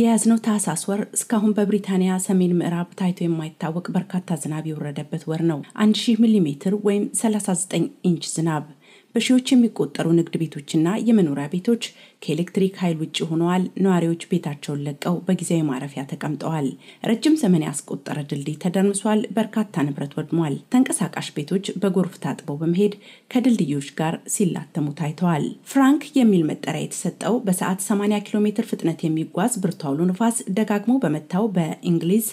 የያዝነው ታህሳስ ወር እስካሁን በብሪታንያ ሰሜን ምዕራብ ታይቶ የማይታወቅ በርካታ ዝናብ የወረደበት ወር ነው። 1000 ሚሜ ወይም 39 ኢንች ዝናብ በሺዎች የሚቆጠሩ ንግድ ቤቶችና የመኖሪያ ቤቶች ከኤሌክትሪክ ኃይል ውጭ ሆነዋል። ነዋሪዎች ቤታቸውን ለቀው በጊዜያዊ ማረፊያ ተቀምጠዋል። ረጅም ዘመን ያስቆጠረ ድልድይ ተደርምሷል። በርካታ ንብረት ወድሟል። ተንቀሳቃሽ ቤቶች በጎርፍ ታጥበው በመሄድ ከድልድዮች ጋር ሲላተሙ ታይተዋል። ፍራንክ የሚል መጠሪያ የተሰጠው በሰዓት 80 ኪሎ ሜትር ፍጥነት የሚጓዝ ብርቱ አውሎ ንፋስ ደጋግሞ በመታው በእንግሊዝ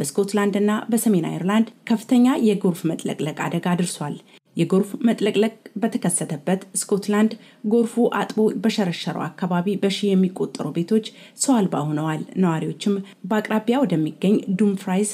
በስኮትላንድ እና በሰሜን አይርላንድ ከፍተኛ የጎርፍ መጥለቅለቅ አደጋ አድርሷል። የጎርፍ መጥለቅለቅ በተከሰተበት ስኮትላንድ ጎርፉ አጥቦ በሸረሸረው አካባቢ በሺ የሚቆጠሩ ቤቶች ሰው አልባ ሆነዋል። ነዋሪዎችም በአቅራቢያ ወደሚገኝ ዱምፍራይስ፣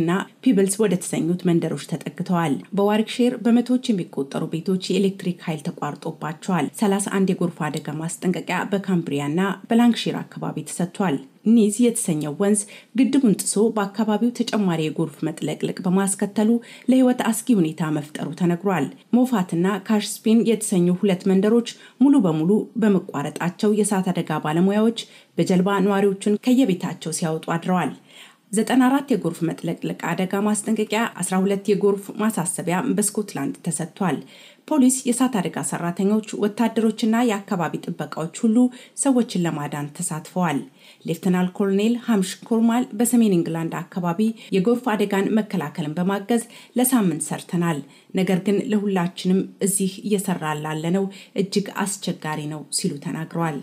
እና ፒብልስ ወደተሰኙት መንደሮች ተጠግተዋል። በዋርክሼር በመቶዎች የሚቆጠሩ ቤቶች የኤሌክትሪክ ኃይል ተቋርጦባቸዋል። 31 የጎርፍ አደጋ ማስጠንቀቂያ በካምብሪያ በካምብሪያና በላንክሼር አካባቢ ተሰጥቷል። ኒዝ የተሰኘው ወንዝ ግድቡን ጥሶ በአካባቢው ተጨማሪ የጎርፍ መጥለቅለቅ በማስከተሉ ለሕይወት አስጊ ሁኔታ መፍጠሩ ተነግሯል። ሞፋትና ካሽስፔን የተሰኙ ሁለት መንደሮች ሙሉ በሙሉ በመቋረጣቸው የእሳት አደጋ ባለሙያዎች በጀልባ ነዋሪዎቹን ከየቤታቸው ሲያወጡ አድረዋል። 94 የጎርፍ መጥለቅለቅ አደጋ ማስጠንቀቂያ፣ 12 የጎርፍ ማሳሰቢያ በስኮትላንድ ተሰጥቷል። ፖሊስ፣ የእሳት አደጋ ሰራተኞች፣ ወታደሮችና የአካባቢ ጥበቃዎች ሁሉ ሰዎችን ለማዳን ተሳትፈዋል። ሌፍተናል ኮሎኔል ሀምሽ ኮርማል በሰሜን እንግላንድ አካባቢ የጎርፍ አደጋን መከላከልን በማገዝ ለሳምንት ሰርተናል፣ ነገር ግን ለሁላችንም እዚህ እየሰራ ላለነው እጅግ አስቸጋሪ ነው ሲሉ ተናግረዋል።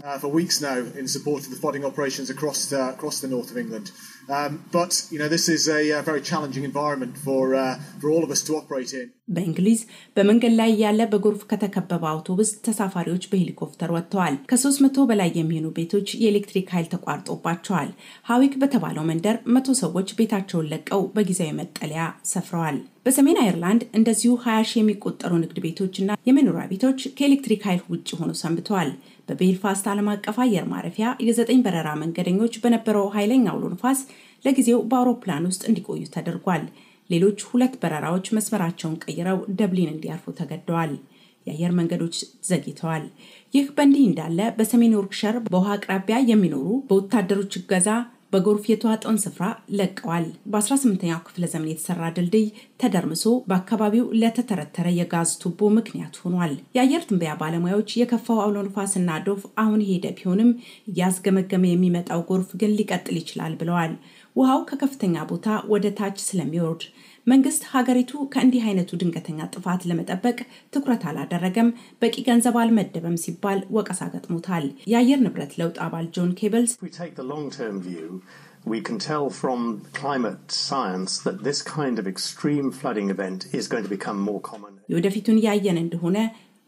በእንግሊዝ በመንገድ ላይ ያ። እንዳለ በጎርፍ ከተከበበ አውቶቡስ ተሳፋሪዎች በሄሊኮፕተር ወጥተዋል። ከ መቶ በላይ የሚሆኑ ቤቶች የኤሌክትሪክ ኃይል ተቋርጦባቸዋል። ሀዊክ በተባለው መንደር መቶ ሰዎች ቤታቸውን ለቀው በጊዜያዊ መጠለያ ሰፍረዋል። በሰሜን አይርላንድ እንደዚሁ 20 ሺህ የሚቆጠሩ ንግድ ቤቶችና የመኖሪያ ቤቶች ከኤሌክትሪክ ኃይል ውጭ ሆኖ ሰንብተዋል። በቤልፋስት ዓለም አቀፍ አየር ማረፊያ የዘጠኝ በረራ መንገደኞች በነበረው ኃይለኛ አውሎ ንፋስ ለጊዜው በአውሮፕላን ውስጥ እንዲቆዩ ተደርጓል። ሌሎች ሁለት በረራዎች መስመራቸውን ቀይረው ደብሊን እንዲያርፉ ተገደዋል። የአየር መንገዶች ዘግይተዋል። ይህ በእንዲህ እንዳለ በሰሜን ዮርክሸር በውሃ አቅራቢያ የሚኖሩ በወታደሮች እገዛ በጎርፍ የተዋጠውን ስፍራ ለቀዋል። በ18ኛው ክፍለ ዘመን የተሰራ ድልድይ ተደርምሶ በአካባቢው ለተተረተረ የጋዝ ቱቦ ምክንያት ሆኗል። የአየር ትንበያ ባለሙያዎች የከፋው አውሎ ንፋስና ዶፍ አሁን ሄደ ቢሆንም እያስገመገመ የሚመጣው ጎርፍ ግን ሊቀጥል ይችላል ብለዋል። ውሃው ከከፍተኛ ቦታ ወደ ታች ስለሚወርድ መንግስት ሀገሪቱ ከእንዲህ አይነቱ ድንገተኛ ጥፋት ለመጠበቅ ትኩረት አላደረገም፣ በቂ ገንዘብ አልመደበም ሲባል ወቀሳ ገጥሞታል። የአየር ንብረት ለውጥ አባል ጆን ኬብልስ we can tell from climate science that this kind of extreme flooding event is going to become more common. የወደፊቱን ያየን እንደሆነ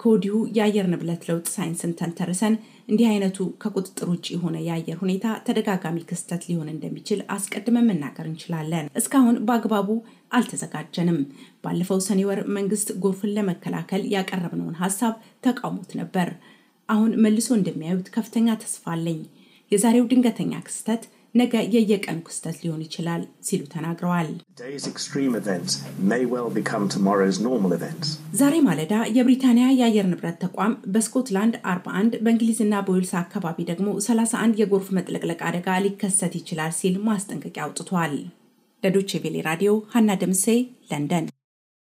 ከወዲሁ የአየር ንብረት ለውጥ ሳይንስን ተንተርሰን እንዲህ አይነቱ ከቁጥጥር ውጭ የሆነ የአየር ሁኔታ ተደጋጋሚ ክስተት ሊሆን እንደሚችል አስቀድመን መናገር እንችላለን። እስካሁን በአግባቡ አልተዘጋጀንም። ባለፈው ሰኔ ወር መንግስት ጎርፍን ለመከላከል ያቀረብነውን ሀሳብ ተቃውሞት ነበር። አሁን መልሶ እንደሚያዩት ከፍተኛ ተስፋ አለኝ። የዛሬው ድንገተኛ ክስተት ነገ የየቀን ክስተት ሊሆን ይችላል ሲሉ ተናግረዋል። ዛሬ ማለዳ የብሪታንያ የአየር ንብረት ተቋም በስኮትላንድ 41 በእንግሊዝና በዌልስ አካባቢ ደግሞ 31 የጎርፍ መጥለቅለቅ አደጋ ሊከሰት ይችላል ሲል ማስጠንቀቂያ አውጥቷል። ለዶቼ ቬሌ ራዲዮ ሀና ደምሴ ለንደን